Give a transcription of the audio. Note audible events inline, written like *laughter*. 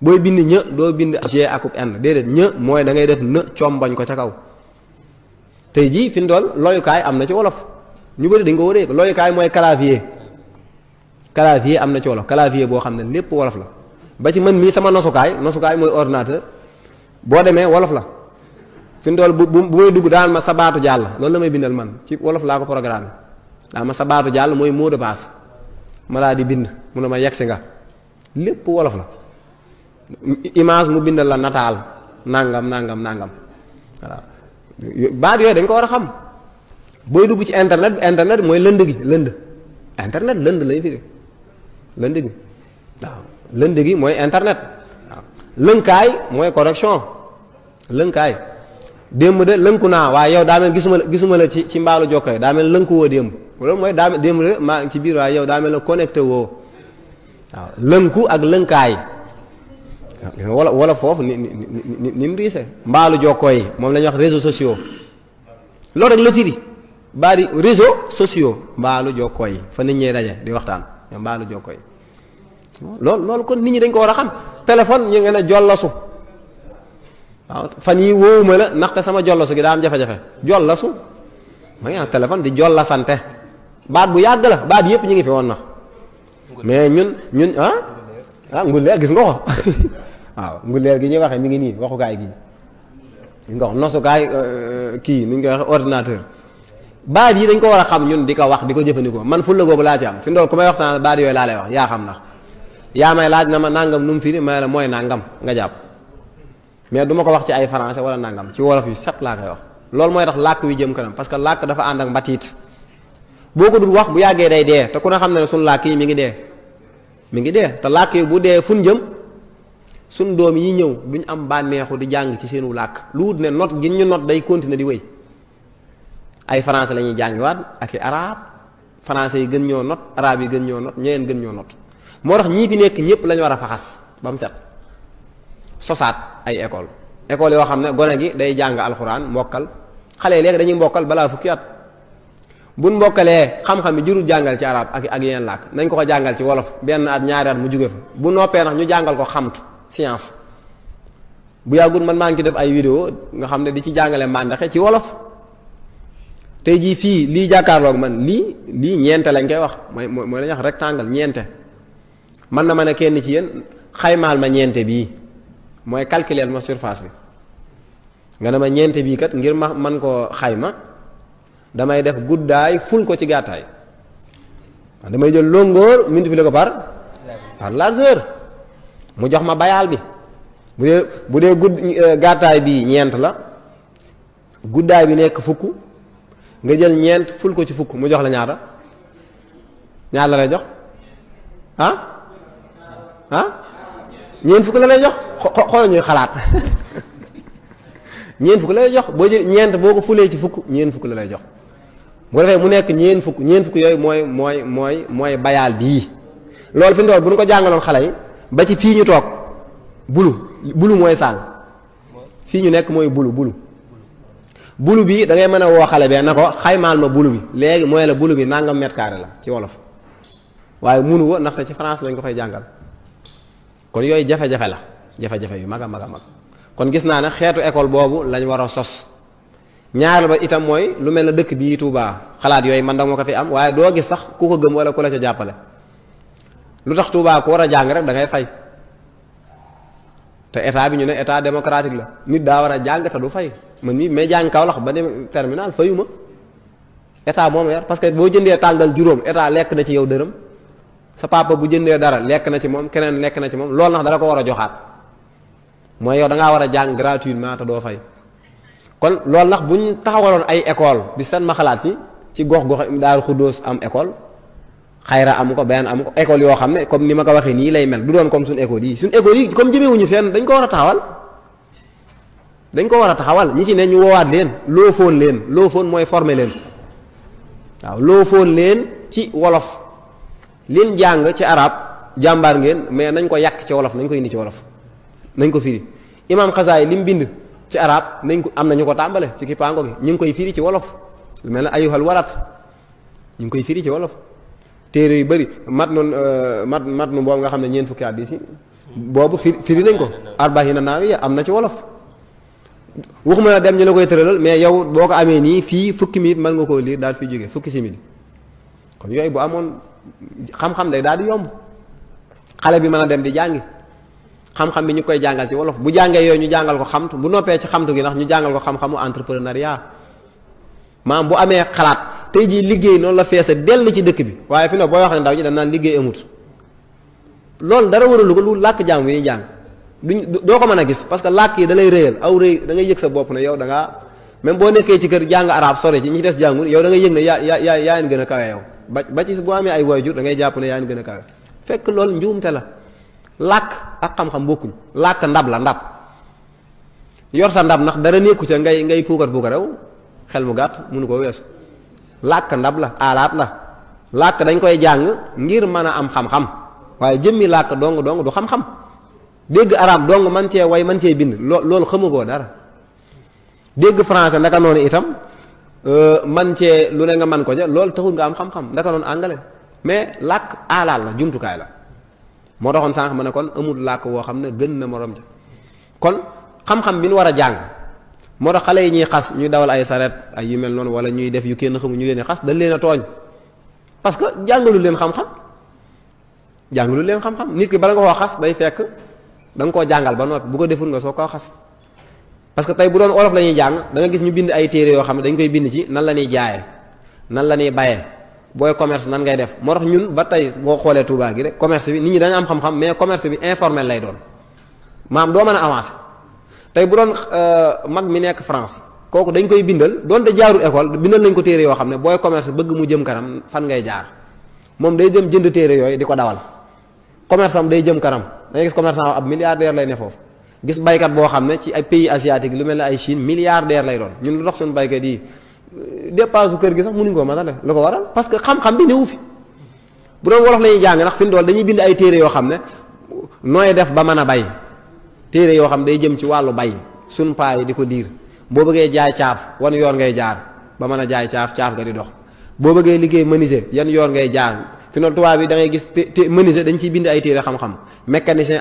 booy bind ñë doo bind g akub n déedéet ñë mooy dangay def në combañ ko ca kaw tey jii fi mu toll looyukaay am na ci wolof ñu bëri dañ ko wëree looyukaay mooy clavier clavier am na ci wolof clavier boo xam ne lépp wolof la ba ci man mii sama nosukaay nosukaay mooy ordinateur boo demee wolof la fi mu bu bu may dugg daan ma sa baatu jàll loolu la may bindal man ci wolof laa ko programme daan ma sabaatu jàll mooy mot de passe ma laa di bind mu ne ma yegsi nga lépp wolof la. image mu bindal la nataal nangam nangam nangam waaw baat yooyu dañ ko war a xam booy dugg ci internet internet mooy lënd gi lënd internet lënd lay firi lënd gi waaw lënd gi mooy internet waaw lënkaay mooy correction lënkaay démb de lënku naa waaye yow daa mel gisuma la gisuma la ci ci mbaalu jokkoo daa lënku woo démb loolu mooy daa de maa ngi ci biir waaye yow daa mel ne connecté woo waaw lënku ak lënkaay. wala wala foofu ni ni ni mu riise mbaalu jokkoo yi moom la ñuy wax réseaux sociaux loolu rek la firi baari réseaux sociaux mbaalu jokkoo yi fa nit ñee daje di waxtaan mbaalu jokkoo loolu kon nit ñi dañ ko war a xam téléphone ñu ngi ne jollasu waaw fan yi wóowuma la ndaxte sama jollasu gi daa am jafe-jafe jollasu ma ngi am téléphone di jollasante baat bu yàgg la baat yëpp ñu ngi fi woon na mais ñun ñun ah ah ngullee gis nga ko *laughs* waaw nguleer gi ñuy waxee mi ngi nii waxukaay gi nga wax nosukaay euh, kii nu ngi koy waxee ordinateur baat yi dañ ko war a xam ñun di ko wax di ko jëfandikoo man fulla googu laa ci am fi ndool ku may waxtaan baat yooyu laa lay wax yaa xam na yaa may laaj na ma nangam nu mu firi ma la mooy nangam nga jàpp mais du ma ko wax ci ay français wala nangam ci wolof yi set laa koy wax loolu mooy tax làkk wi jëm kanam parce que làkk dafa ànd ak mbatiit boo ko dul wax bu yàggee day dee te ku xam ne ne suñu làkk yi mi ngi dee mi ngi dee te làkk yi bu dee fun jëm suñ doom yi ñëw bu ñu am bànneexu di jàng ci seenu làkk lu wut ne not gi ñu not day continuer di wéy ay français la ñuy jàngiwaat ak i arab yi gën ñoo not arab yi gën ñoo not ñeneen gën ñoo not moo tax ñii fi nekk ñëpp lañu war a faxas ba mu sosaat ay école école yoo xam ne gone gi day jàng alxuraan mbokkal xale yi dañuy mbokkal balaa fukki at buñ mbokkalee xam-xam yi jàngal ci arab ak ak yeneen làkk nañ ko ko jàngal ci wolof benn at mu jóge fa bu noppee nag ñu jàngal ko xamtu science bu yàggul man maa ngi ci def ay vidéo nga xam ne di ci jàngale màndaxe ci wolof tey jii fii lii jàkkaarlook man lii lii ñeente lañ koy wax mooy mooy la ñuy wax rectangle ñeente man na ma ne kenn ci yéen xaymaal ma ñeente bii mooy calculer ma surface bi nga ne ma ñeente bii kat ngir ma man koo xayma damay def guddaay ful ko ci gàttaay damay jël longueur la ko par par largeur mu jox ma bayaal bi bu dee bu dee gudd euh, gàttaay bi ñeent la guddaay bi nekk fukk nga jël ñeent ful ko ci fukk mu jox la ñaata ñaar la lay jox ah ah ñeent fukk la lay jox xool ñuy xalaat *laughs* ñeent lay jox boo jël ñeent boo ko fulee ci fukk ñeent fukk la lay jox bu ko defee mu nekk ñeent fukk ñeent fukk yooyu mooy mooy mooy mooy bayaal bii loolu fi mu bu ñu ko jàngaloon xale yi. ba ci fii ñu toog bulu bulu mooy saal fii ñu nekk mooy bulu bulu bulu bii da ngay mën a woo xale bee na ko xaymaal ma bulu bi léegi mooy la bulu bi nangam mètre carré la ci wolof waaye munu ko ndaxte ci France lañ ko koy jàngal kon yooyu jafe-jafe la jafe-jafe yu mag a mag a mag kon gis naa ne xeetu école boobu lañu war a sos ñaar ba itam mooy lu mel ne dëkk bii Touba xalaat yooyu man da moo ko fi am waaye doo gis sax ku ko gëm wala ku la ca jàppale lu tax Touba ku war a jàng rek da ngay fay te état bi ñu ne état démocratique la nit daa war a jàng te du fay ma nii mais jàng Kaolack ba dem terminal fayuma état moom yar parce que boo jëndee tàngal juróom état lekk na ci yow dërëm sa papa bu jëndee dara lekk na ci moom keneen lekk na ci moom loolu nag dala ko war a joxaat mooy yow da ngaa war a jàng gratuitement te doo fay kon loolu nag bu ñu taxawaloon ay école bi seen ma xalaat yi ci gox gox Daaru Xuddoos am école. xayra am ko bayaan am ko école yoo xam ne comme ni ma ko waxee nii lay mel du doon comme suñu école yi suñu école yi comme a taxawal ko war taxawal ñi ci ne ñu woowaat leen loo foon leen loo foon mooy former leen waaw loo foon leen ci wolof leen jàng ci arab jàmbaar ngeen mais nañ ko yàq ci wolof nañ ko indi ci wolof nañ ko firi imam xasaay li mu bind ci arab nañ ko am na ñu ko tàmbale ci kipaango gi ñu ngi koy firi ci wolof lu mel ne ayuhal warat ñu ngi koy firi ci wolof téere yu bëri mat noonu euh, mat mat nu boobu nga xam ne ñeent fukki hadiis yi boobu firi firi nañ ko arbahiina naawiya am na ci wolof waxuma la dem ñu la koy tëralal mais yow boo ko amee nii fii fukki minute mën nga koo liir daal fi jóge fukki simili kon yooyu bu amoon xam-xam day daal di yomb xale bi mën a dem di jàngi xam-xam bi ñu koy jàngal ci wolof bu jàngee yooyu ñu jàngal ko xamtu bu noppee ci xamtu gi ndax ñu jàngal ko xam-xamu entrepreneuriat maam bu amee xalaat tey jii liggéey noonu la feesa dell ci dëkk bi waaye fi ne booy wax ne ndaw ñi dañ naan liggéey amut loolu dara waralu ko lu làkk jàng wi ñuy jàng duñ doo ko mën a gis parce que làkk yi dalay lay réyal aw réy da ngay yëg sa bopp na yow da même boo nekkee ci kër jàng arab sore ci ñi des jàngul yow da ngay yëg na yaa yaa yaa gën a kawe yow ba ba ci boo amee ay waajur da ngay jàpp ne yaa gën a kawe fekk loolu njuumte la làkk ak xam-xam bokkuñ làkk ndab la ndab yor sa ndab ndax dara nekku ca ngay ngay puukar puukar rew xel mu gàtt mënu koo weesu làkk ndab la aalaat la làkk dañ koy jàng ngir mën a am xam-xam waaye jëmmi làkk dong dong du xam-xam dégg arab dong man cee woy man cee bind loo loolu xamugoo dara dégg français ndaka noonu itam euh, man cee lu ne nga man ko ja loolu taxul nga am xam-xam ndaka noonu anglais mais làkk aalaat la jumtukaay la moo taxoon sànq ma ne kon amul làkk woo xam ne gën na moroom ja kon xam-xam bi nu war a jàng moo tax xale yi ñuy xas ñuy dawal ay saret ay yu mel noonu wala ñuy def yu kenn xamu ñu leen xas dañ leen a tooñ parce que jàngalu leen xam-xam jàngalu leen xam nit ki bala nga koo xas day fekk da nga koo jàngal ba noppi bu ko deful nga soo koo xas parce que tey bu doon olof la jàng da gis ñu bind ay téere yoo xam ne dañ koy bind ci nan la ñuy jaayee nan la ñuy bayee booy commerce nan ngay def moo tax ñun ba tey boo xoolee Touba gi rek commerce bi nit ñi dañu am xam mais commerce bi informel lay doon maam doo mën a avancer. tey bu doon euh, mag mi nekk France kooku dañ koy bindal doonte jaarul école bindal nañ ko téere yoo xam ne booy commerce bëgg mu jëm kanam fan ngay jaar moom day jëm jënd téere yooyu di ko dawal commerce am day jëm kanam dangay gis commerçant ab milliardaire lay ne foofu gis baykat boo xam ne ci ay pays asiatique lu mel ne ay Chine milliardaire lay doon ñun lu dox suñu baykat yi euh, dépense kër gi sax mënuñ ko mën a def lu ko waral parce que xam-xam bi newu fi bu doon wolof la jàng ndax fi mu dool dañuy bind ay téere yoo xam ne nooy def ba mën a bay téere yoo xam day jëm ci wàllu bay sun paa yi di ko liir boo bëggee jaay caaf wan yoon ngay jaar ba mën a jaay caaf caaf ga di dox boo bëggee liggéey menuisier yan yoon ngay jaar fi noonu tubaab yi da ngay gis te menuisier dañ ciy bind ay téere xam-xam mécanicien